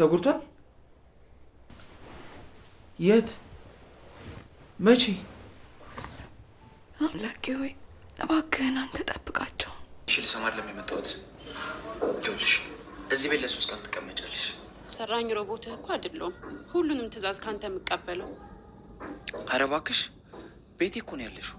ተጉርቷል። የት? መቼ? አምላኬ ሆይ እባክህን አንተ ጠብቃቸው። እሺ ልሰማ አይደለም ይኸውልሽ እዚህ ቤት ለሶስት ቀን ትቀመጫለሽ። ሰራኝ ሮቦትህ እኮ አይደለሁም። ሁሉንም ትዕዛዝ ከአንተ የምቀበለው። ኧረ እባክሽ ቤቴ እኮ ነው ያለሽው።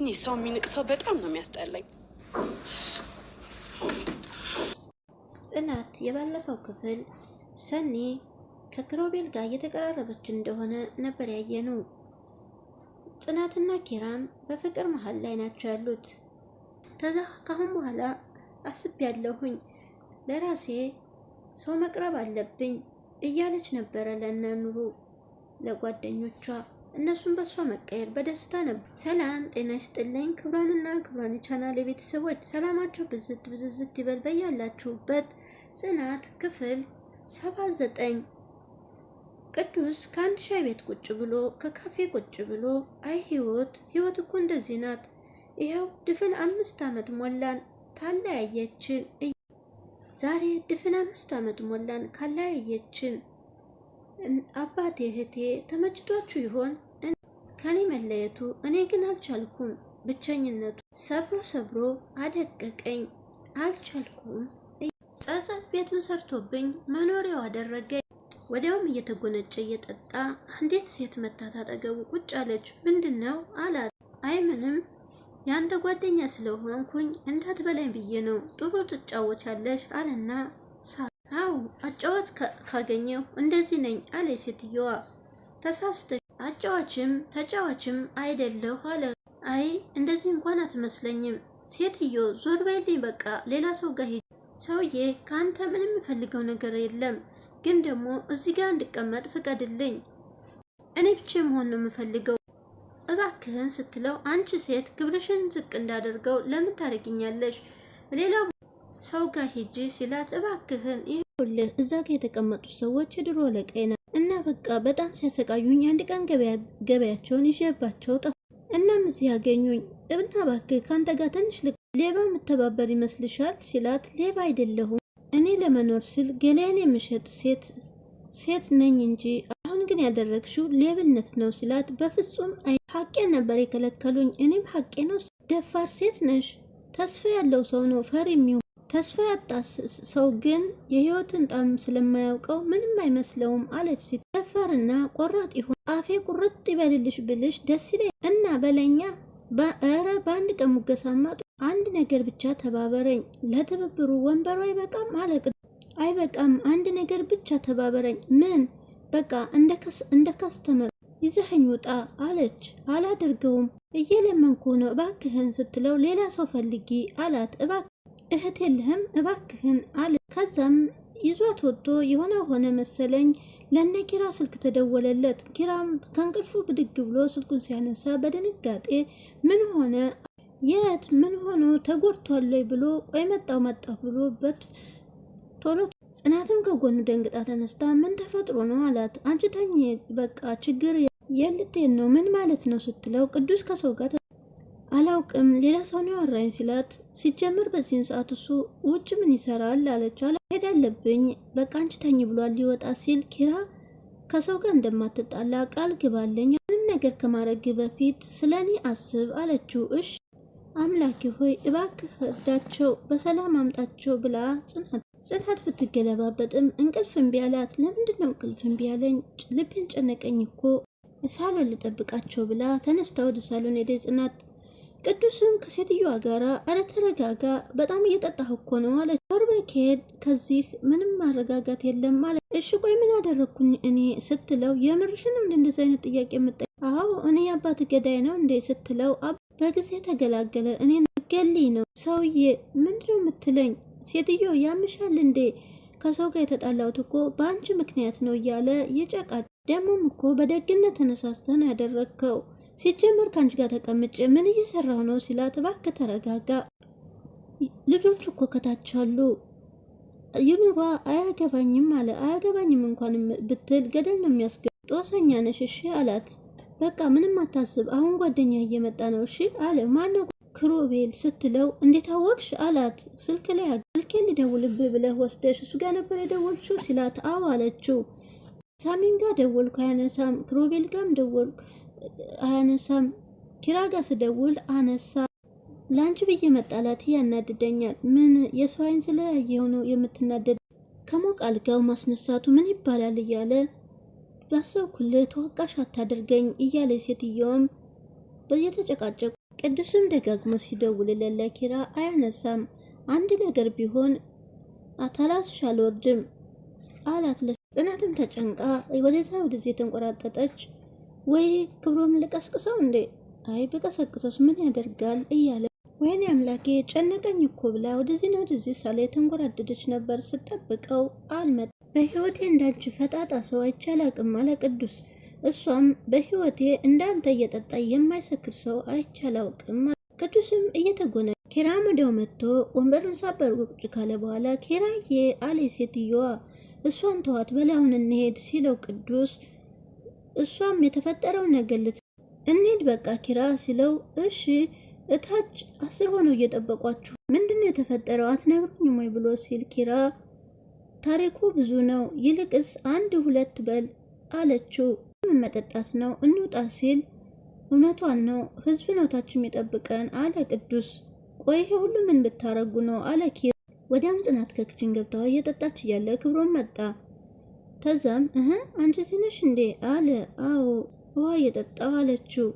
እኔ ሰው የሚንቅ ሰው በጣም ነው የሚያስጠላኝ። ጽናት የባለፈው ክፍል ሰኒ ከክሮቤል ጋር እየተቀራረበች እንደሆነ ነበር ያየነው። ጽናትና ኪራም በፍቅር መሀል ላይ ናቸው ያሉት። ከዛ ካሁን በኋላ አስብ ያለሁኝ ለራሴ ሰው መቅረብ አለብኝ እያለች ነበረ ለነኑሩ ለጓደኞቿ እነሱም በእሷ መቀየር በደስታ ነበር። ሰላም ጤና ይስጥልኝ ክብሯንና ክብሯን የቻናል የቤተሰቦች ሰላማችሁ ብዝት ብዝዝት ይበል በያላችሁበት ጽናት ክፍል 79 ቅዱስ ከአንድ ሻይ ቤት ቁጭ ብሎ ከካፌ ቁጭ ብሎ አይ ህይወት ህይወት እኮ እንደዚህ ናት፣ ይኸው ድፍን አምስት ዓመት ሞላን ካለያየችን፣ ዛሬ ድፍን አምስት ዓመት ሞላን ካለያየችን። አባቴ እህቴ ተመችቷችሁ ይሆን ከኔ መለየቱ? እኔ ግን አልቻልኩም። ብቸኝነቱ ሰብሮ ሰብሮ አደቀቀኝ፣ አልቻልኩም ጸጸት ቤቱን ሰርቶብኝ መኖሪያው አደረገ። ወዲያውም እየተጎነጨ እየጠጣ አንዲት ሴት መታት አጠገቡ ቁጭ አለች። ምንድን ነው አላት። አይ ምንም የአንተ ጓደኛ ስለሆንኩኝ እንዳትበላኝ ብዬ ነው። ጥሩ ትጫወቻለሽ አለና ሳ አው አጫዋች ካገኘሁ እንደዚህ ነኝ አለ ሴትየዋ። ተሳስተሽ አጫዋችም ተጫዋችም አይደለሁ አለ። አይ እንደዚህ እንኳን አትመስለኝም። ሴትዮ ዞር በይልኝ፣ በቃ ሌላ ሰው ጋር ሂጅ ሰውዬ ከአንተ ምንም የምፈልገው ነገር የለም፣ ግን ደግሞ እዚህ ጋር እንድቀመጥ ፍቀድልኝ። እኔ ብቻ መሆን ነው የምፈልገው እባክህን ስትለው፣ አንቺ ሴት ግብርሽን ዝቅ እንዳደርገው ለምን ታደርግኛለሽ? ሌላ ሰው ጋር ሂጂ ሲላት፣ እባክህን ይሁልህ። እዛ ጋር የተቀመጡ ሰዎች የድሮ አለቃዬ ናት እና በቃ በጣም ሲያሰቃዩኝ አንድ ቀን ገበያቸውን ይዤባቸው ጠፋ። እናም እዚህ ያገኙኝ እና እባክህ ከአንተ ጋር ትንሽ ሌባ የምተባበር ይመስልሻል ሲላት ሌባ አይደለሁም እኔ ለመኖር ስል ገላዬን የምሸጥ ሴት ሴት ነኝ እንጂ አሁን ግን ያደረግሽው ሌብነት ነው ሲላት በፍጹም አይ ሀቄን ነበር የከለከሉኝ እኔም ሀቄ ነው ደፋር ሴት ነሽ ተስፋ ያለው ሰው ነው ፈሪ የሚሆን ተስፋ ያጣ ሰው ግን የህይወትን ጣም ስለማያውቀው ምንም አይመስለውም አለች ሲ ደፋርና ቆራጥ ይሆን አፌ ቁርጥ ይበልልሽ ብልሽ ደስ ይለኝ እና በለኛ በረ በአንድ ቀን ሙገሳማ አንድ ነገር ብቻ ተባበረኝ። ለትብብሩ ወንበሩ አይበቃም አለቅ አይበቃም። አንድ ነገር ብቻ ተባበረኝ። ምን? በቃ እንደ ካስተምር ይዘኸኝ ውጣ አለች። አላደርገውም እየለመንኩ ነው እባክህን ስትለው ሌላ ሰው ፈልጊ አላት። እህት የለህም እባክህን አለ። ከዛም ይዟት ወጥቶ የሆነ ሆነ መሰለኝ ለነ ኪራ ስልክ ተደወለለት። ኪራም ከእንቅልፉ ብድግ ብሎ ስልኩን ሲያነሳ በድንጋጤ ምን ሆነ የት ምን ሆኖ ተጎድቷለይ ብሎ ቆይ መጣሁ መጣሁ ብሎበት ቶሎ ጽናትም ከጎኑ ደንግጣ ተነስታ ምን ተፈጥሮ ነው አላት። አንቺ ተኝ በቃ ችግር የልቴን ነው ምን ማለት ነው ስትለው ቅዱስ ከሰው ጋር አላውቅም ሌላ ሰው ነው ያወራኝ ሲላት፣ ሲጀመር በዚህን ሰዓት እሱ ውጭ ምን ይሰራል አለች። ሄድ አለብኝ በቃ አንቺ ተኝ ብሏል። ሊወጣ ሲል ኪራ ከሰው ጋር እንደማትጣላ ቃል ግባለኝ፣ ምንም ነገር ከማድረግ በፊት ስለኔ አስብ አለችው። እሽ አምላኬ ሆይ እባክህ እርዳቸው፣ በሰላም አምጣቸው ብላ ጽናት ጽናት ብትገለባበጥም እንቅልፍ እምቢ አላት። ለምንድን ነው እንቅልፍ እምቢ አለኝ? ልቤን ጨነቀኝ እኮ ሳሎን ልጠብቃቸው ብላ ተነስታ ወደ ሳሎን ሄደ ጽናት። ቅዱስም ከሴትዮዋ ጋራ አረ ተረጋጋ፣ በጣም እየጠጣህ እኮ ነው አለች። ወር ከዚህ ምንም ማረጋጋት የለም ማለት እሺ ቆይ ምን ያደረግኩኝ እኔ ስትለው የምርሽንም እንደዚህ አይነት ጥያቄ የምጠ አዎ እኔ የአባት ገዳይ ነው እንዴ ስትለው በጊዜ ተገላገለ። እኔ ገለኝ ነው ሰውዬ። ምንድነው የምትለኝ ሴትዮ? ያምሻል እንዴ? ከሰው ጋር የተጣላሁት እኮ በአንቺ ምክንያት ነው እያለ የጨቃጭ ደግሞም እኮ በደግነት ተነሳስተን ያደረግከው ሲጀመር ከአንቺ ጋር ተቀምጬ ምን እየሰራሁ ነው ሲላት፣ እባክህ ተረጋጋ፣ ልጆቹ እኮ ከታች አሉ፣ ይኑሯ አያገባኝም አለ። አያገባኝም እንኳን ብትል ገደል ነው የሚያስገ ጦሰኛ ነሽሽ አላት። በቃ ምንም አታስብ፣ አሁን ጓደኛ እየመጣ ነው እሺ አለ። ማነው ክሮቤል ስትለው እንዴት አወቅሽ አላት። ስልክ ላይ ስልኬ ልደውልብህ ብለህ ወስደሽ እሱ ጋር ነበር የደወልሽው ሲላት፣ አዎ አለችው። ሳሚን ጋር ደወልኩ አያነሳም፣ ክሮቤል ጋም ደወልኩ አያነሳም። ኪራ ጋር ስደውል አነሳ። ለአንቺ ብዬ መጣላት ያናድደኛል። ምን የሰው አይን ስለያየው ነው የምትናደድ? ከሞቅ አልጋው ማስነሳቱ ምን ይባላል እያለ ባሰብኩልህ ተወቃሽ አታድርገኝ እያለ ሴትየውም በየተጨቃጨቁ ቅዱስም ደጋግሞ ሲደውል ለለኪራ አያነሳም። አንድ ነገር ቢሆን አታላስሽ አልወርድም አላት። ጽናትም ተጨንቃ ወደዛ ወደዚህ የተንቆራጠጠች ወይ ክብሮም ልቀስቅሰው እንዴ? አይ በቀሰቅሰውስ ምን ያደርጋል እያለ ወይኔ አምላኬ ጨነቀኝ እኮ ብላ ወደዚህ ነው ወደዚህ ሳለ የተንጎራደደች ነበር። ስጠብቀው አልመጣ በህይወቴ እንዳንቺ ፈጣጣ ሰው አይቼ አላቅም አለ ቅዱስ። እሷም በህይወቴ እንዳንተ እየጠጣ የማይሰክር ሰው አይቼ አላውቅም። ቅዱስም እየተጎነ ኪራም ወዲያው መጥቶ ወንበሩን ሳበር ቁጭ ካለ በኋላ ኪራዬ አለ ሴትዮዋ፣ እሷን ተዋት በላሁን እንሄድ ሲለው ቅዱስ እሷም የተፈጠረው ነገር ልት እንሄድ በቃ ኪራ ሲለው እሺ እታች አስር ሆነው እየጠበቋችሁ ምንድነው የተፈጠረው አትነግሩኝ ወይ ብሎ ሲል ኪራ ታሪኩ ብዙ ነው፣ ይልቅስ አንድ ሁለት በል አለችው። መጠጣት ነው እንውጣ ሲል እውነቷን ነው፣ ህዝብ ነው ታች የሚጠብቀን አለ ቅዱስ። ቆይ ይሄ ሁሉ ምን ብታረጉ ነው አለ ኪ ወዲያም ጽናት ከክችን ገብታ እየጠጣች እያለ ክብሮም መጣ። ተዛም እህ አንቺ ሲነሽ እንዴ አለ። አዎ ውሃ እየጠጣ አለችው።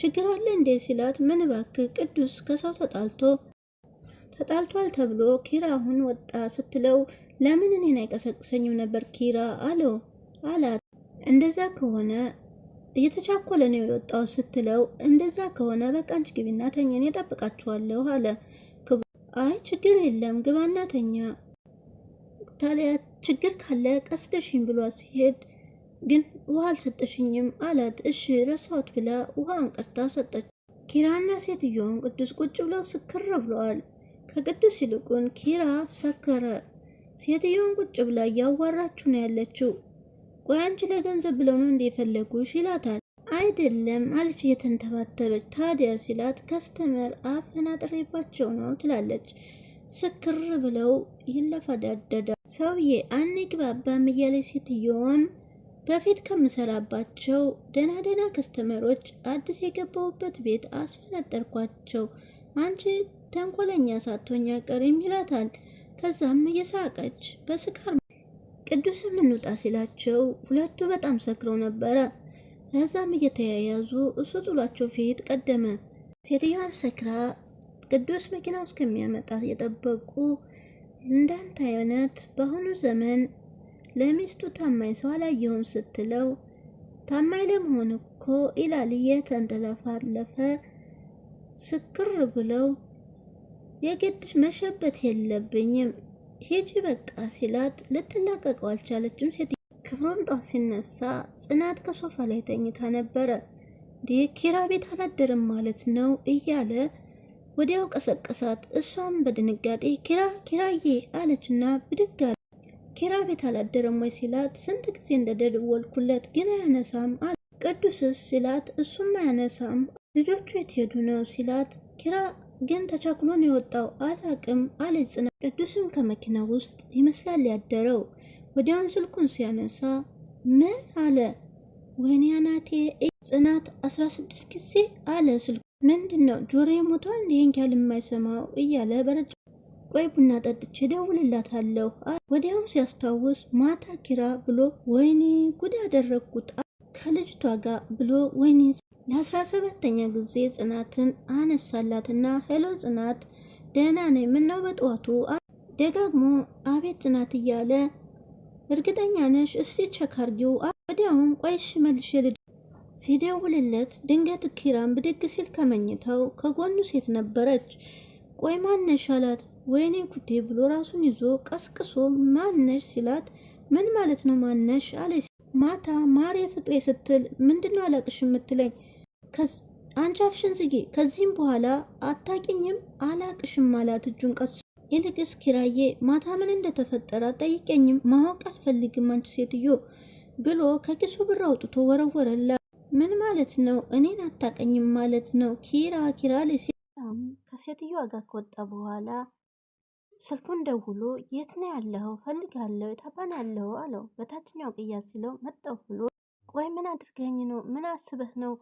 ችግር አለ እንዴ ሲላት፣ ምን እባክህ ቅዱስ ከሰው ተጣልቶ ተጣልቷል ተብሎ ኪራ አሁን ወጣ ስትለው ለምን እኔን አይቀሰቅሰኝም ነበር ኪራ አለው አላት። እንደዛ ከሆነ እየተቻኮለ ነው የወጣው ስትለው፣ እንደዛ ከሆነ በቃ አንቺ ግቢና ተኛ እኔ እጠብቃችኋለሁ አለ። አይ ችግር የለም ግባና ተኛ ታዲያ ችግር ካለ ቀስደሽኝ ብሏ ሲሄድ ግን ውሃ አልሰጠሽኝም አላት። እሺ ረሳሁት ብላ ውሃ አንቀርታ ሰጠች። ኪራና ሴትዮውን ቅዱስ ቁጭ ብለው ስክር ብለዋል። ከቅዱስ ይልቁን ኪራ ሰከረ። ሴትዮውን ቁጭ ብላ እያዋራችሁ ነው ያለችው። ቆይ አንቺ ለገንዘብ ብለው ነው እንደ የፈለጉሽ ይላታል። አይደለም አለች እየተንተባተበች። ታዲያ ሲላት ከስተመር አፈናጥሬባቸው ነው ትላለች። ስክር ብለው ይለፈዳደዳ። ሰውዬ አንግባባም እያለች ሴትዮዋም በፊት ከምሰራባቸው ደህና ደህና ከስተመሮች አዲስ የገባሁበት ቤት አስፈነጠርኳቸው። አንቺ ተንኮለኛ ሳቶኛ ቀሪም ይላታል። ከዛም እየሳቀች በስካር ቅዱስ እንውጣ ሲላቸው ሁለቱ በጣም ሰክረው ነበረ። ከዛም እየተያያዙ እሱ ጥሏቸው ፊት ቀደመ። ሴትዮዋም ሰክራ ቅዱስ መኪና እስከሚያመጣ የጠበቁ እንዳንተ አይነት በአሁኑ ዘመን ለሚስቱ ታማኝ ሰው አላየሁም ስትለው ታማኝ ለመሆን እኮ ይላል ተንተለፋለፈ ስክር ብለው የግድ መሸበት የለብኝም ሄጂ በቃ ሲላት ልትላቀቀው አልቻለችም። ሴት ክፍሉን ጧት ሲነሳ ጽናት ከሶፋ ላይ ተኝታ ነበረ። እንዲህ ኪራ ቤት አላደርም ማለት ነው እያለ ወዲያው ቀሰቀሳት። እሷም በድንጋጤ ኪራ ኪራዬ አለችና ብድጋ ኪራ ቤት አላደረም ወይ ሲላት ስንት ጊዜ እንደደወልኩለት ግን አያነሳም አለ። ቅዱስስ ሲላት እሱም አያነሳም። ልጆቹ የት ሄዱ ነው ሲላት ኪራ ግን ተቻኩሎ ነው የወጣው። አላቅም አለ ጽናት። ቅዱስም ከመኪና ውስጥ ይመስላል ያደረው። ወዲያውን ስልኩን ሲያነሳ ምን አለ? ወይኔ አናቴ ጽናት ስድስት ጊዜ አለ ስልኩ። ምንድን ነው ጆሮ ሞቷል ይህን ያህል የማይሰማው እያለ በረጅ ቆይ ቡና ጠጥቼ ደውልላታለሁ። ወዲያውም ሲያስታውስ ማታ ኪራ ብሎ ወይኔ ጉድ ያደረግኩት ከልጅቷ ጋር ብሎ ወይኔ ለአስራ ሰባተኛ ጊዜ ጽናትን አነሳላትና ሄሎ ጽናት ደህና ነኝ፣ ምነው በጠዋቱ ደጋግሞ አቤት ጽናት እያለ እርግጠኛ ነሽ? እስቲ ቸክ ወዲያውም ቆይሽ መልሽ ሲደውልለት ድንገት ኪራም ብድግ ሲል ከመኝታው ከጎኑ ሴት ነበረች። ቆይ ማነሽ አላት። ወይኔ ጉዴ ብሎ ራሱን ይዞ ቀስቅሶ ማነሽ ሲላት ምን ማለት ነው ማነሽ አለች። ማታ ማር የፍቅሬ ስትል ምንድነው አላቅሽ የምትለኝ አንቺ አፍሽን ዝጊ፣ ከዚህም በኋላ አታቂኝም አላቅሽም አላት እጁን ቀሱ። ይልቅስ ኪራዬ ማታ ምን እንደተፈጠረ አጠይቀኝም ማወቅ አልፈልግም አንቺ ሴትዮ ብሎ ከኪሱ ብር አውጥቶ ወረወረላ። ምን ማለት ነው? እኔን አታቀኝም ማለት ነው? ኪራ ኪራ ከሴትዮዋ ጋር ከወጣ በኋላ ስልኩን ደውሎ የት ነው ያለኸው? ፈልጋለሁ፣ የታባን ያለኸው አለው። በታችኛው ቅያ ስለው መጣው ብሎ ቆይ ምን አድርገኝ ነው? ምን አስበህ ነው?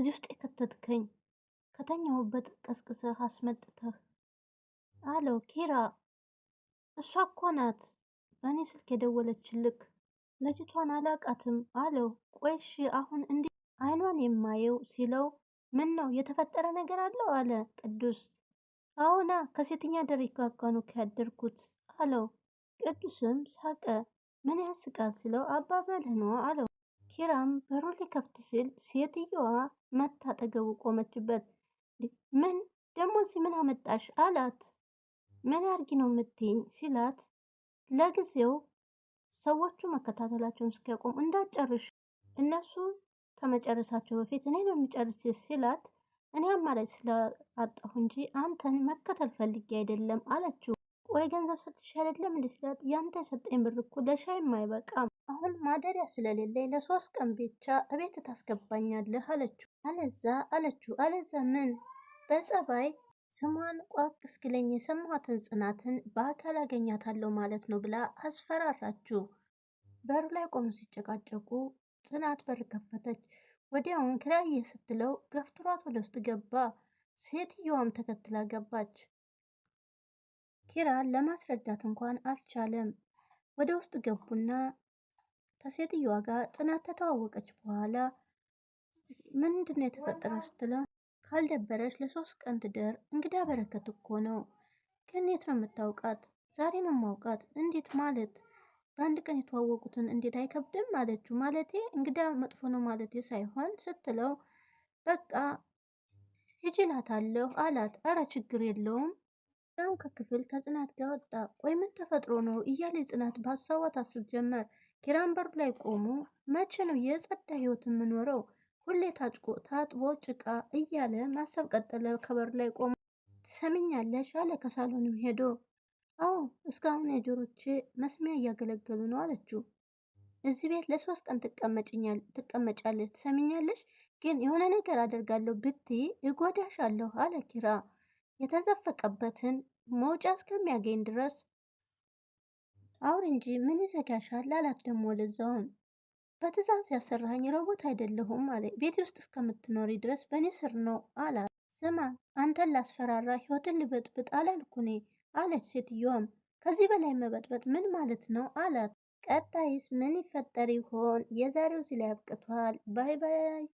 እዚህ ውስጥ የከተትከኝ ከተኛውበት ቀስቅሰህ አስመጥተህ አለው። ኪራ እሷ እኮ ናት በእኔ ስልክ የደወለችልክ ልጅቷን አላቃትም አለው። ቆይሽ አሁን እንዲ አይኗን የማየው ሲለው ምን ነው የተፈጠረ ነገር አለው አለ ቅዱስ። አሁና ከሴትኛ ደረጃ ጋኑ ከያደርኩት አለው። ቅዱስም ሳቀ። ምን ያስቃል ሲለው አባባልህ ነው አለው። ኪራም በሩ ሊከፍት ሲል ሴትየዋ መታ አጠገቡ ቆመችበት። ምን ደግሞ እዚህ ምን አመጣሽ አላት። ምን አርጊ ነው የምትይኝ ሲላት ለጊዜው ሰዎቹ መከታተላቸውን እስኪያቆሙ እንዳጨርሽ እነሱ ከመጨረሳቸው በፊት እኔ ነው የሚጨርስ ሲላት እኔ አማራጭ ስላጣሁ እንጂ አንተን መከተል ፈልጌ አይደለም አለችው። ቆይ ገንዘብ ሰጥሽ አይደለም እንዴ ሲላት ያንተ የሰጠኝ ብር እኮ ለሻይ አይበቃም አሁን ማደሪያ ስለሌለኝ ለሶስት ቀን ብቻ እቤት ታስገባኛለህ አለችው። አለዛ አለችው። አለዛ ምን በጸባይ ስሟን ቋቅ እስኪለኝ የሰማኋትን ጽናትን በአካል አገኛታለሁ ማለት ነው ብላ አስፈራራችው። በሩ ላይ ቆሙ ሲጨቃጨቁ ጽናት በር ከፈተች። ወዲያውን ክራዬ ስትለው ገፍትሯት ወደ ውስጥ ገባ። ሴትየዋም ተከትላ ገባች። ኪራን ለማስረዳት እንኳን አልቻለም። ወደ ውስጥ ገቡና ከሴትዮዋ ጋር ጥናት ከተዋወቀች በኋላ ምንድን ነው የተፈጠረው ስትለ ካልደበረች ለሶስት ቀን ትደር እንግዳ በረከት እኮ ነው። ከኔት ነው የምታውቃት? ዛሬ ነው ማውቃት። እንዴት ማለት በአንድ ቀን የተዋወቁትን እንዴት አይከብድም አለችው። ማለቴ እንግዳ መጥፎ ነው ማለቴ ሳይሆን ስትለው በቃ ሂጂ እላታለሁ አላት። እረ ችግር የለውም ም ከክፍል ከጽናት ጋር ወጣ። ቆይ ምን ተፈጥሮ ነው እያለ ጽናት በሀሳቧ ታስብ ጀመር። ኪራም በር ላይ ቆሞ መቼ ነው የጸዳ ህይወት የምኖረው? ሁሌ ታጭቆ ታጥቦ ጭቃ እያለ ማሰብ ቀጠለ። ከበር ላይ ቆሞ ትሰምኛለሽ አለ። ከሳሎንም ሄዶ አዎ እስካሁን የጆሮቼ መስሚያ እያገለገሉ ነው አለችው። እዚህ ቤት ለሶስት ቀን ትቀመጫለች ትሰምኛለሽ? ግን የሆነ ነገር አደርጋለሁ ብትይ እጎዳሻለሁ አለ ኪራ የተዘፈቀበትን መውጫ እስከሚያገኝ ድረስ አሁን እንጂ ምን ይዘጋሻል አላት። ደግሞ ለዛውም በትዕዛዝ ያሰራኸኝ ሮቦት አይደለሁም አለ። ቤት ውስጥ እስከምትኖሪ ድረስ በእኔ ስር ነው አላት። ስማ አንተን ላስፈራራ ህይወትን ልበጥብጥ አላልኩኔ አለች። ሴትዮዋም ከዚህ በላይ መበጥበጥ ምን ማለት ነው አላት። ቀጣይስ ምን ይፈጠር ይሆን? የዛሬው እዚህ ላይ አብቅቷል። ባይ ባይ።